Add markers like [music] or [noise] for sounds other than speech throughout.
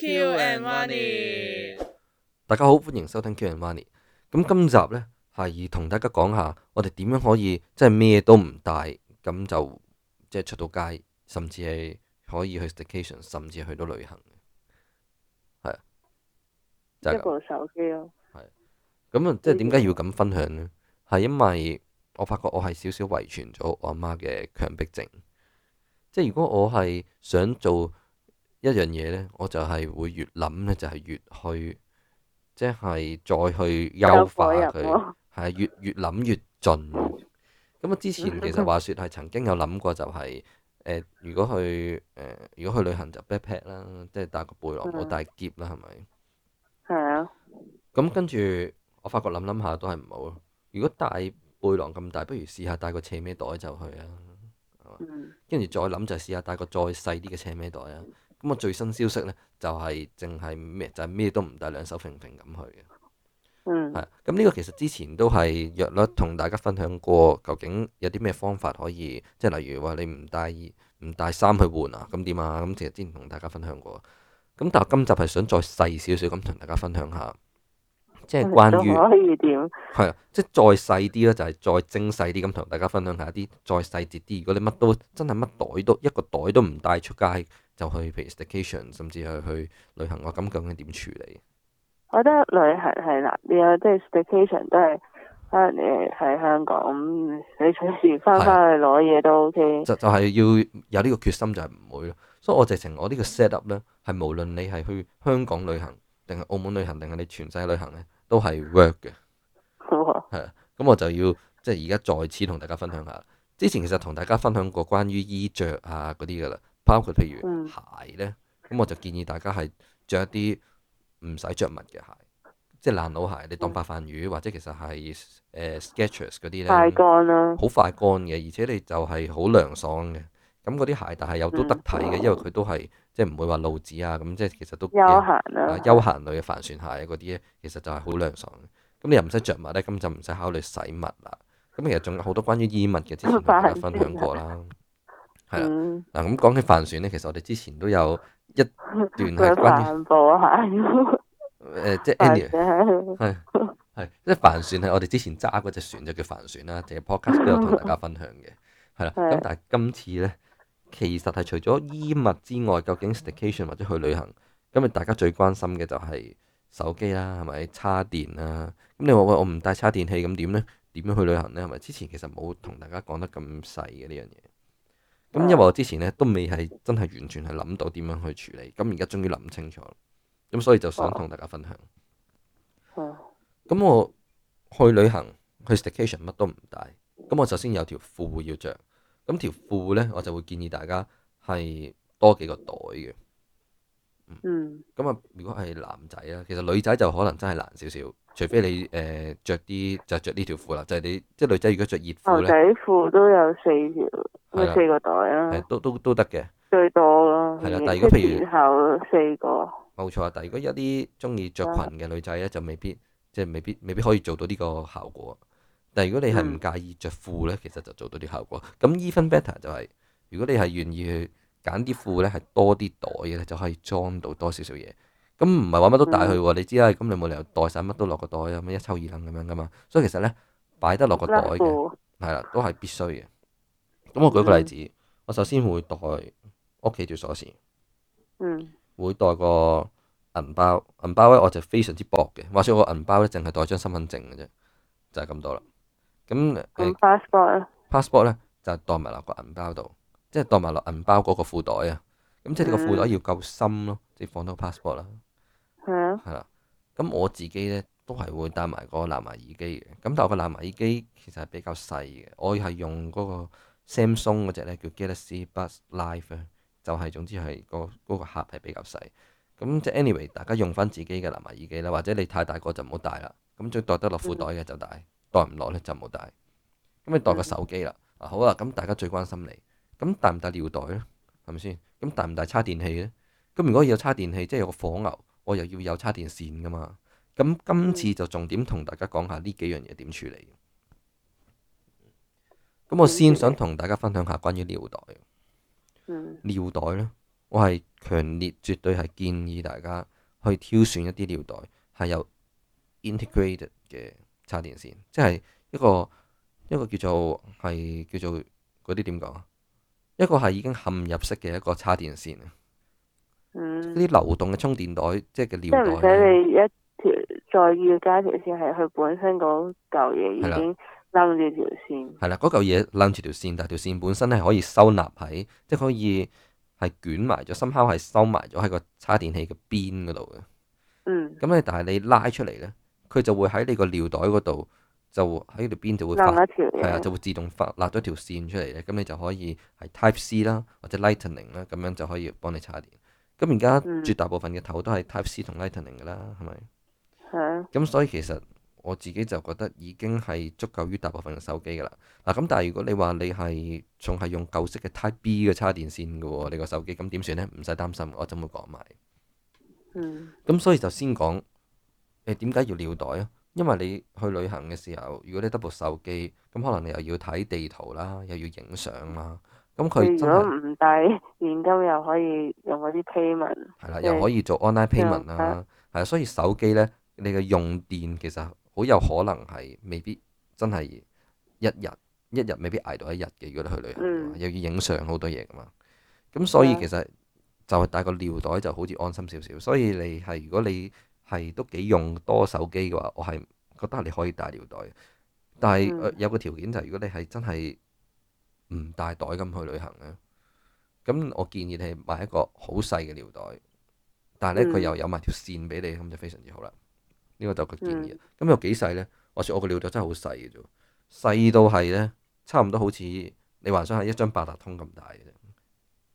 Q and Money，大家好，歡迎收聽 Q and Money。咁今集呢係同大家講下，我哋點樣可以即係咩都唔帶，咁就即係出到街，甚至係可以去 staycation，甚至去到旅行嘅，係、就係、一部手機咯。係咁啊，即係點解要咁分享呢？係因為我發覺我係少少遺傳咗我阿媽嘅強迫症，即係如果我係想做。一樣嘢呢，我就係會越諗呢，就係、是、越去，即、就、係、是、再去優化佢，係越越諗越盡。咁我之前其實話説係曾經有諗過、就是，就、呃、係如果去、呃、如果去旅行就 backpack 啦，即係帶個背囊，唔好帶篋啦，係咪？係啊、嗯。咁跟住我發覺諗諗下都係唔好咯。如果帶背囊咁大，不如試下帶個斜孭袋就去啊。跟住、嗯、再諗就係試下帶個再細啲嘅斜孭袋啊。咁我最新消息呢，就係淨係咩？就係、是、咩都唔帶兩手平平咁去嘅。嗯，係。咁呢個其實之前都係約略同大家分享過，究竟有啲咩方法可以，即係例如話你唔帶唔帶衫去換啊？咁點啊？咁其實之前同大家分享過。咁但係今集係想再細少少咁同大家分享下。即係關於，係啊，即係再細啲咧，就係、是、再精細啲咁，同大家分享一下細節，一啲再細節啲。如果你乜都真係乜袋都一個袋都唔帶出街，就去譬如 Staycation，甚至係去旅行我咁，究竟點處理？我覺得旅行係啦，而家即係 Staycation 都係可能你喺香港，嗯、你隨時翻翻去攞嘢都 OK。就就是、係要有呢個決心，就係唔會咯。所以我直情我呢個 set up 咧，係無論你係去香港旅行。定係澳門旅行，定係你全世界旅行咧，都係 work 嘅。係啊，咁 [noise] 我就要即係而家再次同大家分享下。之前其實同大家分享過關於衣着啊嗰啲噶啦，包括譬如鞋咧，咁、嗯、我就建議大家係着一啲唔使着襪嘅鞋，即係懶佬鞋，你當白飯魚、嗯、或者其實係誒 Skechers 嗰啲咧，好、呃、快乾嘅、啊，而且你就係好涼爽嘅。咁嗰啲鞋，但係又都得睇嘅，因為佢都係。即係唔會話露趾啊，咁即係其實都休閒啊。休閒類嘅帆船鞋啊，嗰啲其實就係好涼爽嘅。咁你又唔使着襪咧，咁就唔使考慮洗襪啦。咁其實仲有好多關於衣物嘅，之前同大家分享過啦。係啦，嗱咁講起帆船咧，其實我哋之前都有一段係關於帆布鞋。係係， [laughs] 即係帆船係我哋之前揸嗰隻船就叫帆船啦，淨係 Podcast 都有同大家分享嘅，係啦。 [laughs] 咁但係今次咧。其實係除咗衣物之外，究竟 staycation 或者去旅行，今日大家最關心嘅就係手機啦，係咪？叉電啦、啊，咁你話喂，我唔帶叉電器咁點呢？點樣去旅行呢？係咪？之前其實冇同大家講得咁細嘅呢樣嘢。咁因為我之前呢，都未係真係完全係諗到點樣去處理。咁而家終於諗清楚，咁所以就想同大家分享。咁我去旅行去 staycation 乜都唔帶。咁我首先有條褲要着。咁條褲咧，我就會建議大家係多幾個袋嘅，嗯。咁啊、嗯，如果係男仔啊，其實女仔就可能真係難少少，除非你誒著啲就着呢條褲啦，就係、就係、你即係女仔如果着熱褲咧。牛仔褲都有四條，係，四個袋啊，誒，都都都得嘅。最多咯。係啦，但如果譬如後四個。冇錯啊，但如果一啲中意着裙嘅女仔咧，就未必即係未必未必可以做到呢個效果。但如果你係唔介意着褲咧，其實就做到啲效果。咁 even better 就係如果你係願意去揀啲褲咧，係多啲袋嘅，就可以裝到多少少嘢。咁唔係話乜都帶去喎，嗯、你知啦。咁你冇理由袋晒乜都落個袋啊，咁一抽二拎咁樣㗎嘛。所以其實咧，擺得落個袋嘅，係啦、嗯，都係必須嘅。咁我舉個例子，嗯、我首先會袋屋企條鎖匙，嗯，會袋個銀包。銀包咧我就非常之薄嘅，話說我銀包咧淨係袋張身份證嘅啫，就係咁多啦。咁、嗯嗯、passport 咧，passport 咧就袋埋落個銀包度，即係袋埋落銀包嗰個褲袋啊。咁即係你個褲袋要夠深咯，先、嗯、放到 passport 啦。係啊、嗯。係啦。咁我自己咧都係會帶埋個藍牙耳機嘅。咁但係個藍牙耳機其實係比較細嘅。我係用嗰個 Samsung 嗰隻咧叫 Galaxy Buds Live 就係總之係個嗰個盒係比較細。咁即係 anyway，大家用翻自己嘅藍牙耳機啦，或者你太大個就唔好帶啦。咁最袋得落褲袋嘅就帶。嗯袋唔落呢就冇帶，咁你袋個手機啦，啊好、嗯、啊，咁大家最關心你，咁帶唔帶尿袋呢，係咪先？咁帶唔帶叉電器呢？咁如果有叉電器，即係有個火牛，我又要有叉電線噶嘛。咁今次就重點同大家講下呢幾樣嘢點處理。咁我先想同大家分享下關於尿袋，尿、嗯、袋呢，我係強烈絕對係建議大家去挑選一啲尿袋係有 integrated 嘅。插電線，即係一個一個叫做係叫做嗰啲點講啊？一個係已經嵌入式嘅一個插電線。嗯，啲流動嘅充電袋，即係叫尿袋。即係唔使你一條再要加條線,條線，係佢本身嗰嚿嘢已經攬住條線。係啦，嗰嚿嘢攬住條線，但係條線本身係可以收納喺，即係可以係捲埋咗，甚至係收埋咗喺個插電器嘅邊嗰度嘅。嗯。咁你，但係你拉出嚟咧。佢就會喺你個尿袋嗰度，就喺條邊就會拉一條，係啊，就會自動發立咗條線出嚟嘅。咁你就可以係 Type C 啦，或者 Lightning 啦，咁樣就可以幫你插電。咁而家絕大部分嘅頭都係 Type C 同 Lightning 嘅啦，係咪？係啊。咁所以其實我自己就覺得已經係足夠於大部分嘅手機噶啦。嗱、啊，咁但係如果你話你係仲係用舊式嘅 Type B 嘅插電線嘅喎，你、那個手機咁點算咧？唔使擔心，我就會講埋。嗯。咁所以就先講。誒，點解要尿袋啊？因為你去旅行嘅時候，如果你得部手機，咁可能你又要睇地圖啦，又要影相啦。咁佢如果唔帶現金，又可以用嗰啲 payment。係啦的，的又可以做 online payment 啦的。係啊，所以手機呢，你嘅用電其實好有可能係未必真係一日一日未必捱到一日嘅。如果你去旅行，嗯、又要影相好多嘢噶嘛。咁所以其實就係帶個尿袋就好似安心少少。所以你係如果你係都幾用多手機嘅話，我係覺得你可以帶尿袋，但係、嗯呃、有個條件就係、是、如果你係真係唔帶袋咁去旅行咧，咁我建議你買一個好細嘅尿袋，但係咧佢又有埋條線俾你，咁、嗯、就非常之好啦。呢、這個就個建議。咁、嗯、有幾細呢？我說我個尿袋真係好細嘅啫，細到係呢，差唔多好似你幻想係一張八達通咁大嘅，嗰、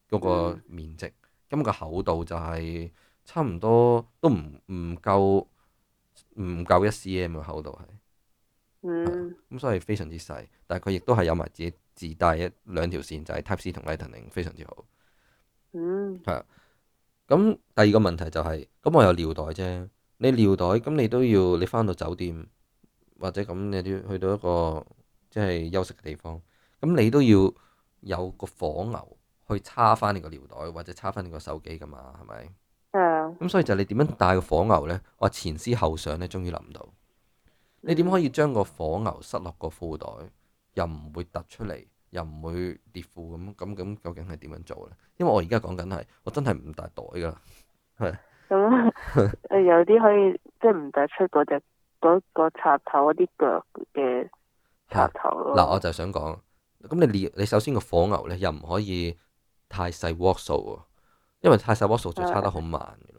那個面積。咁、嗯、個厚度就係、是。差唔多都唔唔夠唔夠一 cm 嘅厚度係，咁、mm hmm. 所以非常之細。但係佢亦都係有埋自己自帶一兩條線，就係、是、Type C 同 Lightning，非常之好。係啊、mm，咁、hmm. 第二個問題就係、是、咁，我有尿袋啫。你尿袋咁，你都要你翻到酒店或者咁，你都要去到一個即係休息嘅地方。咁你都要有個火牛去叉翻你個尿袋，或者叉翻你個手機㗎嘛？係咪？咁所以就你點樣帶個火牛呢？我前思後想呢，終於諗到，你點可以將個火牛塞落個褲袋，又唔會突出嚟，又唔會跌褲咁？咁咁究竟係點樣做呢？因為我而家講緊係，我真係唔帶袋噶，喇 [laughs] 咁、嗯、有啲可以即係唔帶出嗰隻嗰、嗰個嗰個插頭嗰啲腳嘅插頭。嗱，我就想講，咁你你首先個火牛呢，又唔可以太細瓦數，因為太細瓦數就差得好慢。嗯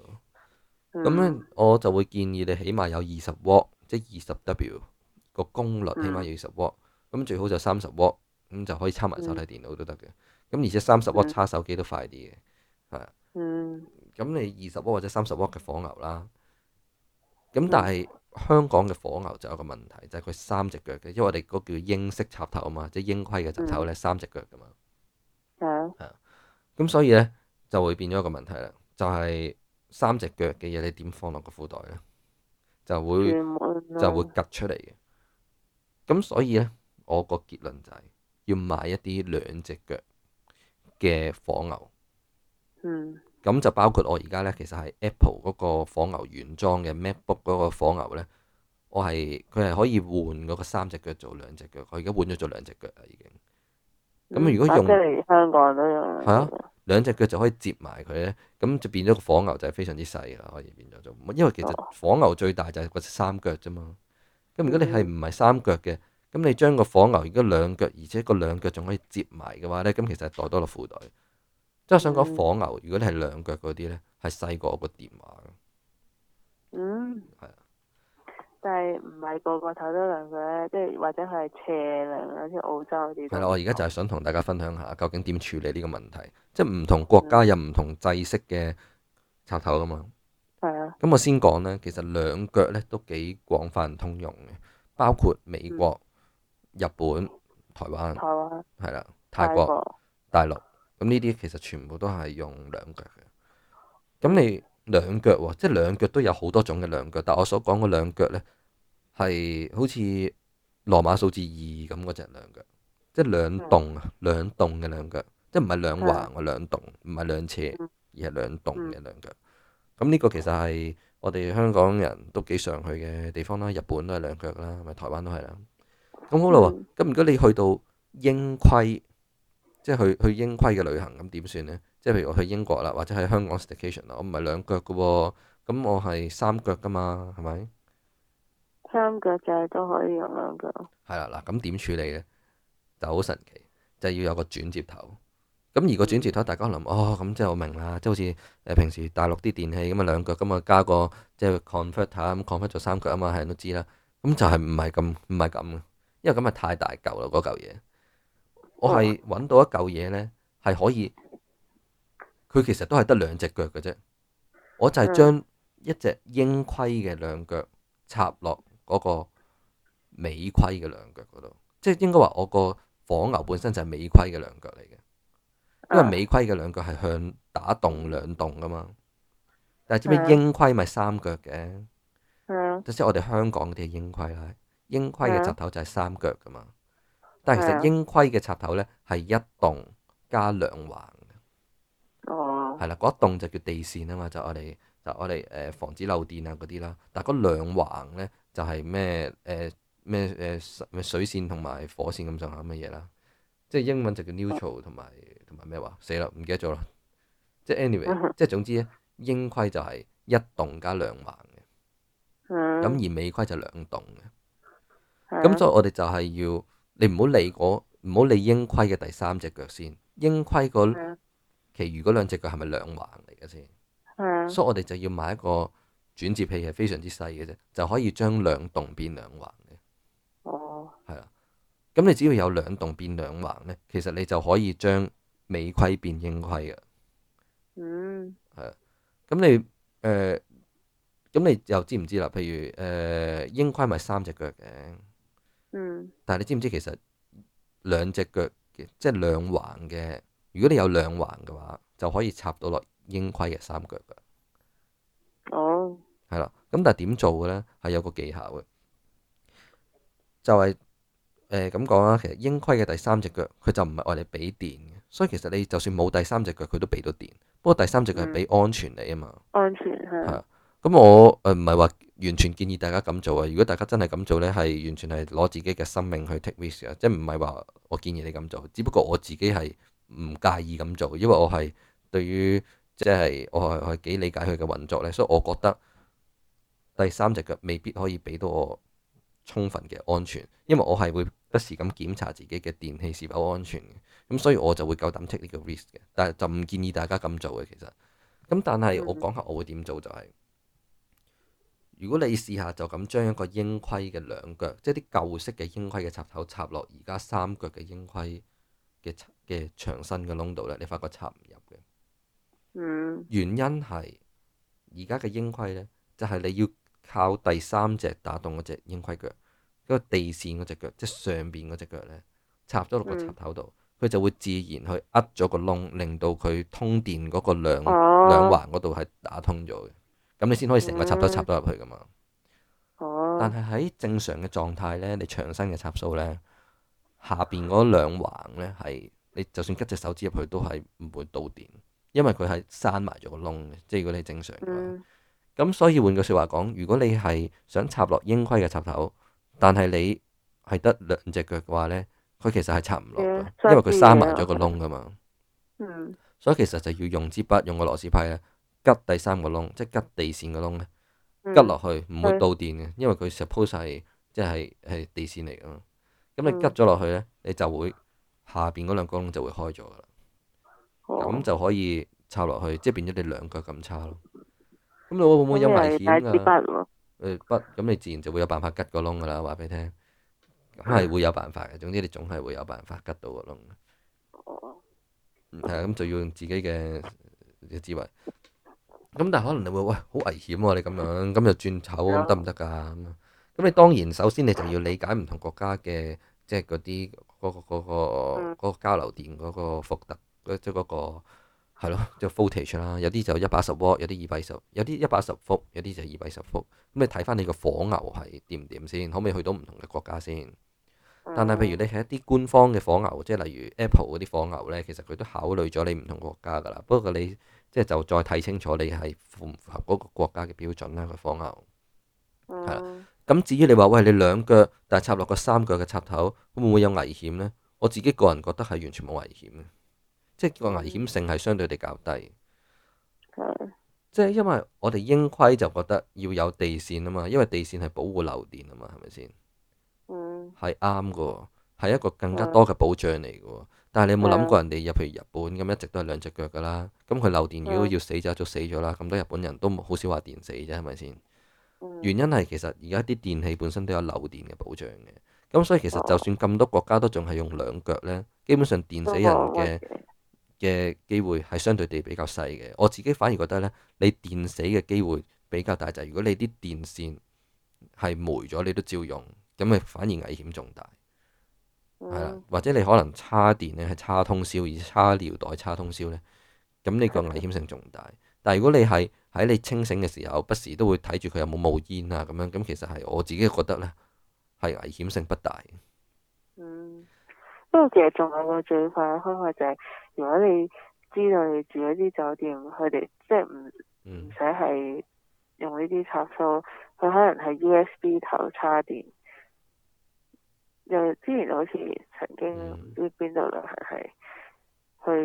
咁咧，我就會建議你起碼有二十 W，即係二十 W 個功率起碼 w、嗯，起碼要二十 W。咁最好就三十 W，咁就可以插埋手提電腦都得嘅。咁、嗯、而且三十 W，插手機都快啲嘅，係。嗯。咁你二十 W 或者三十 W 嘅火牛啦。咁但係香港嘅火牛就有個問題，就係、是、佢三隻腳嘅，因為我哋嗰個叫英式插頭啊嘛，即係英規嘅插頭咧，三隻腳噶嘛。係啊的。係啊、嗯。咁所以咧就會變咗一個問題啦，就係、是。三隻腳嘅嘢你點放落個褲袋呢？就會就會趌出嚟嘅。咁所以呢，我個結論就係、是、要買一啲兩隻腳嘅火牛。咁、嗯、就包括我而家呢，其實係 Apple 嗰個火牛原裝嘅 MacBook 嗰個火牛呢。我係佢係可以換嗰個三隻腳做兩隻腳，我而家換咗做兩隻腳啦已經。咁如果用，即係、嗯、香港人都用。係啊。兩隻腳就可以接埋佢呢，咁就變咗個火牛就係非常之細啦，可以變咗做。唔因為其實火牛最大就係個三腳啫嘛。咁如果你係唔係三腳嘅，咁你將個火牛如果兩腳，而且個兩腳仲可以接埋嘅話呢，咁其實係袋多到褲袋。即係我想講火牛，如果你係兩腳嗰啲呢，係細過我個電話。就係唔係個個頭都兩腳，即係或者係斜兩腳，好似澳洲嗰啲。係啦，我而家就係想同大家分享下，究竟點處理呢個問題？即係唔同國家有唔、嗯、同制式嘅插頭噶嘛？係啊、嗯。咁我先講咧，其實兩腳咧都幾廣泛通用嘅，包括美國、日本、台灣、台灣係啦、泰國、泰國大陸，咁呢啲其實全部都係用兩腳嘅。咁你兩腳，即係兩腳都有好多種嘅兩腳，但我所講嘅兩腳咧。係好似羅馬數字二咁嗰隻兩腳，即係兩棟啊，兩棟嘅兩腳，即係唔係兩橫啊，兩棟唔係兩斜，而係兩棟嘅兩腳。咁呢個其實係我哋香港人都幾常去嘅地方啦，日本都係兩腳啦，咪台灣都係啦。咁好啦，咁、嗯、如果你去到英規，即係去去英規嘅旅行，咁點算呢？即係譬如我去英國啦，或者喺香港 staycation 啦，我唔係兩腳嘅喎，咁我係三腳噶嘛，係咪？三腳就係都可以用兩腳，係啦嗱，咁點處理呢？就好神奇，就係、是、要有個轉接頭。咁而個轉接頭，大家可能哦，咁即係我明啦，即係好似誒平時大陸啲電器咁啊，兩腳咁啊，加個即係 converter 咁 convert 咗三腳啊嘛，係人都知啦。咁就係唔係咁，唔係咁嘅，因為咁啊太大舊啦，嗰舊嘢。哇我係揾到一舊嘢呢，係可以，佢其實都係得兩隻腳嘅啫。我就係將一隻英規嘅兩腳插落。嗰個美規嘅兩腳嗰度，即係應該話我個火牛本身就係美規嘅兩腳嚟嘅，因為美規嘅兩腳係向打棟兩棟噶嘛。但係知唔知英規咪三腳嘅？係，即係我哋香港嗰啲英規啦，英規嘅插頭就係三腳噶嘛。但係其實英規嘅插頭咧係一棟加兩橫嘅。哦的，係啦，嗰一棟就叫地線啊嘛，就我哋。就我哋誒防止漏電啊嗰啲啦，但係嗰兩橫咧就係咩誒咩誒水線同埋火線咁上下乜嘢啦，即係英文就叫 neutral 同埋同埋咩話，死啦唔記得咗啦。即係 anyway，即係總之咧，英規就係一棟加兩橫嘅，咁而美規就兩棟嘅。咁所以我哋就係要你唔好理嗰唔好理英規嘅第三隻腳先，英規嗰其餘嗰兩隻腳係咪兩橫嚟嘅先？所以我哋就要買一個轉接器，係非常之細嘅啫，就可以將兩棟變兩環嘅。哦、oh.，係啦。咁你只要有兩棟變兩環咧，其實你就可以將美規變英規嘅。嗯、mm.。係啦。咁你誒，咁你又知唔知啦？譬如誒，英規咪三隻腳嘅。嗯。Mm. 但係你知唔知其實兩隻腳嘅，即係兩環嘅。如果你有兩環嘅話，就可以插到落。英規嘅三腳嘅，哦，係啦，咁但係點做嘅咧？係有個技巧嘅，就係誒咁講啦。其實英規嘅第三隻腳，佢就唔係我哋俾電嘅，所以其實你就算冇第三隻腳，佢都俾到電。不過第三隻腳係俾安全你啊嘛、嗯，安全係啊。咁我誒唔係話完全建議大家咁做啊。如果大家真係咁做咧，係完全係攞自己嘅生命去 take risk 啊，即係唔係話我建議你咁做。只不過我自己係唔介意咁做，因為我係對於。即係我係幾理解佢嘅運作咧，所以我覺得第三隻腳未必可以俾到我充分嘅安全，因為我係會不時咁檢查自己嘅電器是否安全嘅，咁所以我就會夠膽 take 呢個 risk 嘅，但係就唔建議大家咁做嘅其實。咁但係我講下我會點做就係，如果你試下就咁將一個英規嘅兩腳，即係啲舊式嘅英規嘅插頭插落而家三腳嘅英規嘅嘅長身嘅窿度咧，你發覺插唔入。原因係而家嘅英規呢，就係你要靠第三隻打動嗰隻英規腳，嗰個地線嗰隻腳，即係上邊嗰隻腳呢，插咗落個插頭度，佢、嗯、就會自然去呃咗個窿，令到佢通電嗰個兩、啊、兩環嗰度係打通咗嘅。咁你先可以成個插頭都插咗入去噶嘛。啊、但係喺正常嘅狀態呢，你長身嘅插數呢，下邊嗰兩環呢，係你就算吉隻手指入去都係唔會導電。因為佢係閂埋咗個窿，嘅，即係如果你正常嘅，咁、嗯、所以換句話說話講，如果你係想插落英規嘅插頭，但係你係得兩隻腳嘅話咧，佢其實係插唔落嘅，因為佢閂埋咗個窿噶嘛。嗯、所以其實就要用支筆，用個螺絲批啊，吉第三個窿，即係吉地線個窿咧，吉落去唔會導電嘅，嗯、因為佢 suppose 晒即係係地線嚟噶嘛。咁你吉咗落去咧，你就會下邊嗰兩個窿就會開咗噶啦。咁就可以插落去，即係變咗你兩腳咁插咯。咁你會唔會有危險啊？誒不，咁，你自然就會有辦法吉個窿噶啦。話俾你聽，咁係會有辦法嘅。總之你總係會有辦法吉到個窿。哦、嗯。啊，咁就要用自己嘅智慧。咁但係可能你會喂，好危險喎、啊！你咁樣咁就轉丑咁得唔得㗎？咁咁、嗯、你當然首先你就要理解唔同國家嘅，即係嗰啲嗰個嗰、嗰個嗰個嗰個嗰個、交流電嗰個伏特。即係嗰個係咯，即係 voltage 啦。就是、age，有啲就一百十瓦，有啲二百十，有啲一百十伏，有啲就二百十伏。咁你睇翻你個火牛係掂唔掂先，可唔可以去到唔同嘅國家先？但係譬如你係一啲官方嘅火牛，即係例如 Apple 嗰啲火牛呢，其實佢都考慮咗你唔同國家噶啦。不過你即係就是、再睇清楚，你係符唔符合嗰個國家嘅標準啦。個火牛係啦。咁至於你話喂，你兩腳，但係插落個三腳嘅插頭，會唔會有危險呢？我自己個人覺得係完全冇危險嘅。即係個危險性係相對地較低，嗯、即係因為我哋英規就覺得要有地線啊嘛，因為地線係保護漏電啊嘛，係咪先？嗯，係啱嘅，係一個更加多嘅保障嚟嘅。但係你有冇諗過人哋，譬如日本咁一直都係兩隻腳㗎啦。咁佢漏電，如果要死就早死咗啦。咁、嗯、多日本人都好少話電死啫，係咪先？嗯、原因係其實而家啲電器本身都有漏電嘅保障嘅。咁所以其實就算咁多國家都仲係用兩腳呢，基本上電死人嘅、嗯。嗯嗯嘅機會係相對地比較細嘅，我自己反而覺得呢，你電死嘅機會比較大就係如果你啲電線係霉咗，你都照用，咁咪反而危險仲大。係啦、嗯，或者你可能叉電呢係叉通宵，而叉尿袋叉通宵呢，咁你個危險性仲大。嗯、但係如果你係喺你清醒嘅時候，不時都會睇住佢有冇冒煙啊咁樣，咁其實係我自己覺得呢，係危險性不大。嗯，不過其實仲有個最快開害就係。如果你知道你住嗰啲酒店，佢哋即係唔唔使係用呢啲插蘇，佢可能係 USB 頭叉電。又之前好似曾經邊邊度咧，係係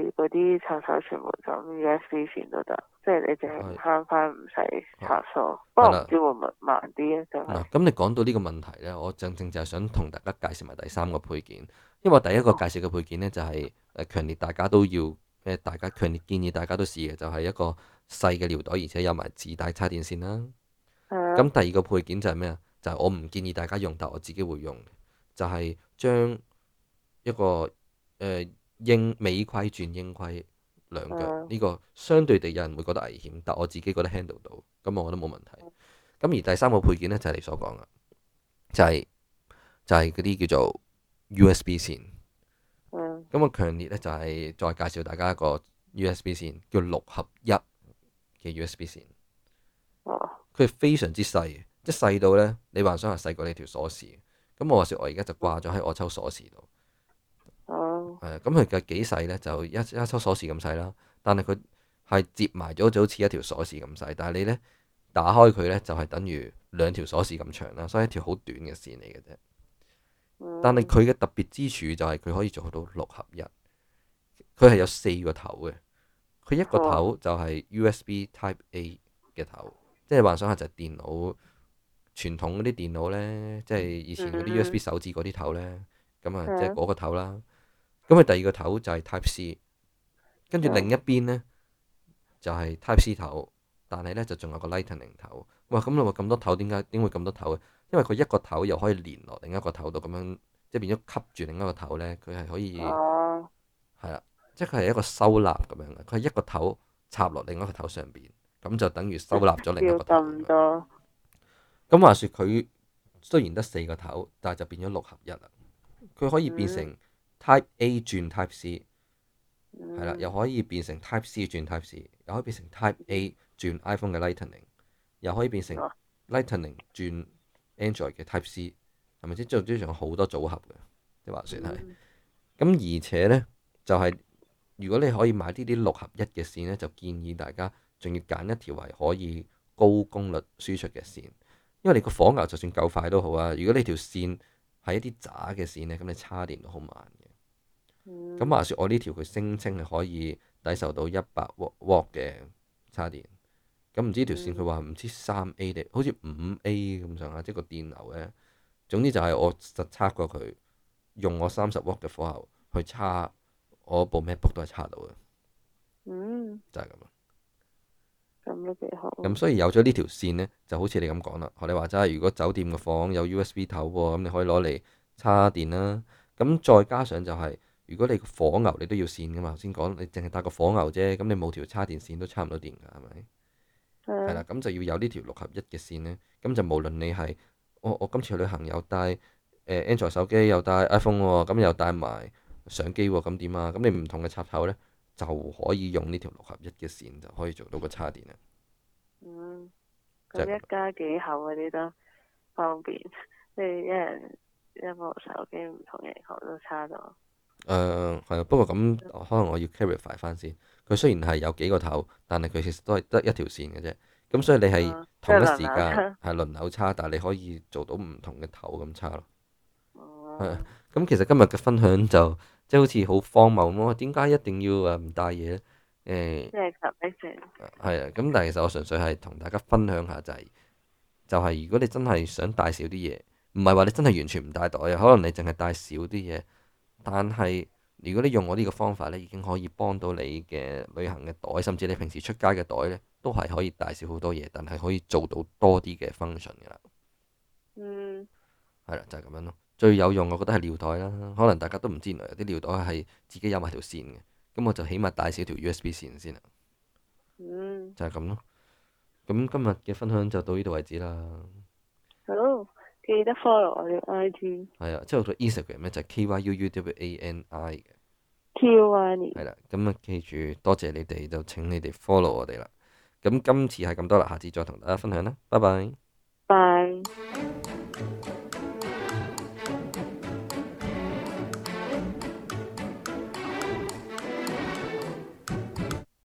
去嗰啲插蘇全部用 USB 線都得，是即係你淨係慳返唔使插蘇。的不過唔知會唔會慢啲咧？的就係、是、咁。你講到呢個問題咧，我正正就係想同大家介紹埋第三個配件。因為第一個介紹嘅配件呢，就係誒強烈大家都要，誒、呃、大家強烈建議大家都試嘅，就係、是、一個細嘅尿袋，而且有埋自帶插電線啦。咁、嗯、第二個配件就係咩啊？就係、是、我唔建議大家用，但我自己會用，就係、是、將一個誒、呃、英美規轉英規兩腳呢個，相對地有人會覺得危險，但我自己覺得 handle 到，咁我覺得冇問題。咁而第三個配件呢，就係、是、你所講嘅，就係、是、就係嗰啲叫做。USB 線，咁我強烈咧就係再介紹大家一個 USB 線，叫六合一嘅 USB 線。哦，佢非常之細，即係細到呢，你幻想係細過你條鎖匙。咁我話說我而家就掛咗喺我抽鎖匙度。哦、嗯。咁佢嘅幾細呢？就一一抽鎖匙咁細啦。但係佢係接埋咗就好似一條鎖匙咁細，但係你呢，打開佢呢，就係等於兩條鎖匙咁長啦，所以一條好短嘅線嚟嘅啫。但係佢嘅特別之處就係佢可以做到六合一，佢係有四個頭嘅，佢一個頭就係 USB Type A 嘅頭，即係幻想下就係電腦傳統嗰啲電腦呢，即係以前嗰啲 USB 手指嗰啲頭呢。咁啊即係嗰個頭啦。咁佢第二個頭就係 Type C，跟住另一邊呢，就係 Type C 頭。但係咧就仲有個 lightning 頭，哇！咁你話咁多頭，點解點會咁多頭啊？因為佢一個頭又可以連落另一個頭度，咁樣即係變咗吸住另一個頭咧，佢係可以係啦、oh.，即係佢係一個收納咁樣嘅，佢係一個頭插落另一個頭上邊，咁就等於收納咗另一個頭。要咁多？咁話說佢雖然得四個頭，但係就變咗六合一啦。佢可以變成 type A 轉 type C，係啦、mm.，又可以變成 type C 轉 type C，又可以變成 type A。轉 iPhone 嘅 Lightning 又可以變成 Lightning 轉 Android 嘅 Type C，係咪即係仲有好多組合嘅，啲話說係咁。嗯、而且呢，就係、是、如果你可以買呢啲六合一嘅線呢，就建議大家仲要揀一條係可以高功率輸出嘅線，因為你個火牛就算夠快都好啊。如果你條線係一啲渣嘅線呢，咁你插電都好慢嘅。咁、嗯、話說我呢條佢聲稱係可以抵受到一百 watt 嘅插電。咁唔知條線佢話唔知三 A 定好似五 A 咁上下，即係個電流呢。總之就係我實測過佢用我三十 W 嘅火牛去插，我部 MacBook 都係插到嘅。嗯。就係咁咯。咁都幾好。咁所以有咗呢條線呢，就好似你咁講啦。學你話齋，如果酒店嘅房有 USB 頭喎，咁你可以攞嚟插電啦。咁再加上就係、是、如果你火牛你都要線噶嘛，頭先講你淨係搭個火牛啫，咁你冇條插電線都插唔到電㗎，係咪？係啦，咁就要有呢條六合一嘅線呢。咁就無論你係、哦、我我今次去旅行又帶誒安卓手機，又帶 iPhone 喎，咁又帶埋相機喎，咁點啊？咁你唔同嘅插口呢，就可以用呢條六合一嘅線就可以做到個叉電啦。嗯，咁、嗯、一家幾口嗰啲都方便，即係一人一部手機，唔同型號都差咗。誒係啊，不過咁可能我要 clarify 翻先。佢雖然係有幾個頭，但係佢其實都係得一條線嘅啫。咁所以你係同一時間係輪流差，但係你可以做到唔同嘅頭咁差咯。哦、嗯。係啊，咁其實今日嘅分享就即係好似好荒謬咯。點解一定要誒唔帶嘢咧？誒、嗯。即係 collection 係啊，咁但係其實我純粹係同大家分享下就係、是，就係、是、如果你真係想帶少啲嘢，唔係話你真係完全唔帶袋啊，可能你淨係帶少啲嘢。但係，如果你用我呢個方法呢，已經可以幫到你嘅旅行嘅袋，甚至你平時出街嘅袋呢，都係可以帶少好多嘢，但係可以做到多啲嘅 function 嘅啦。嗯。係啦，就係、是、咁樣咯。最有用我覺得係尿袋啦，可能大家都唔知原來有啲尿袋係自己有埋條線嘅。咁我就起碼帶少條 USB 線先啦。嗯、就係咁咯。咁今日嘅分享就到呢度為止啦。記得 follow 我哋 IG，係啊，即係我個 Instagram 咧就 K Y U U W A N I 嘅，K U N I，係啦，咁啊記住，多謝你哋，就請你哋 follow 我哋啦。咁今次係咁多啦，下次再同大家分享啦，拜拜，bye。